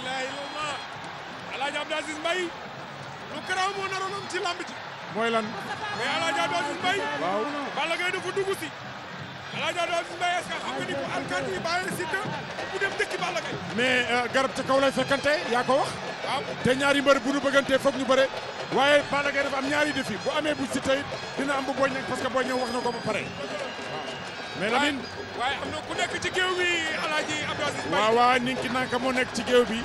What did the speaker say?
ilaha illallah alaaji Abdou Aziz lu garaaw moo naroon mooy lan mais alaaji Abdou Aziz Mbaye waaw Balla Gaye dafa dugg si alaaji Abdou Aziz Mbaye est-ce mais euh, garab ca kaw lay fekkante yaa ko wax waaw te ñaari mbër bu ñu bëggantee foog ñu bëre waaye Balla Gaye dafa am ñaari défi bu amee bu si te dina am bu Boy Niang parce que Boy Niang wax na ko ba pare mais Lamine waaye am na ku nekk ci géew bi alaaji Abdou Aziz Mbaye waaw waaw ninki nanka moo nekk ci géew bi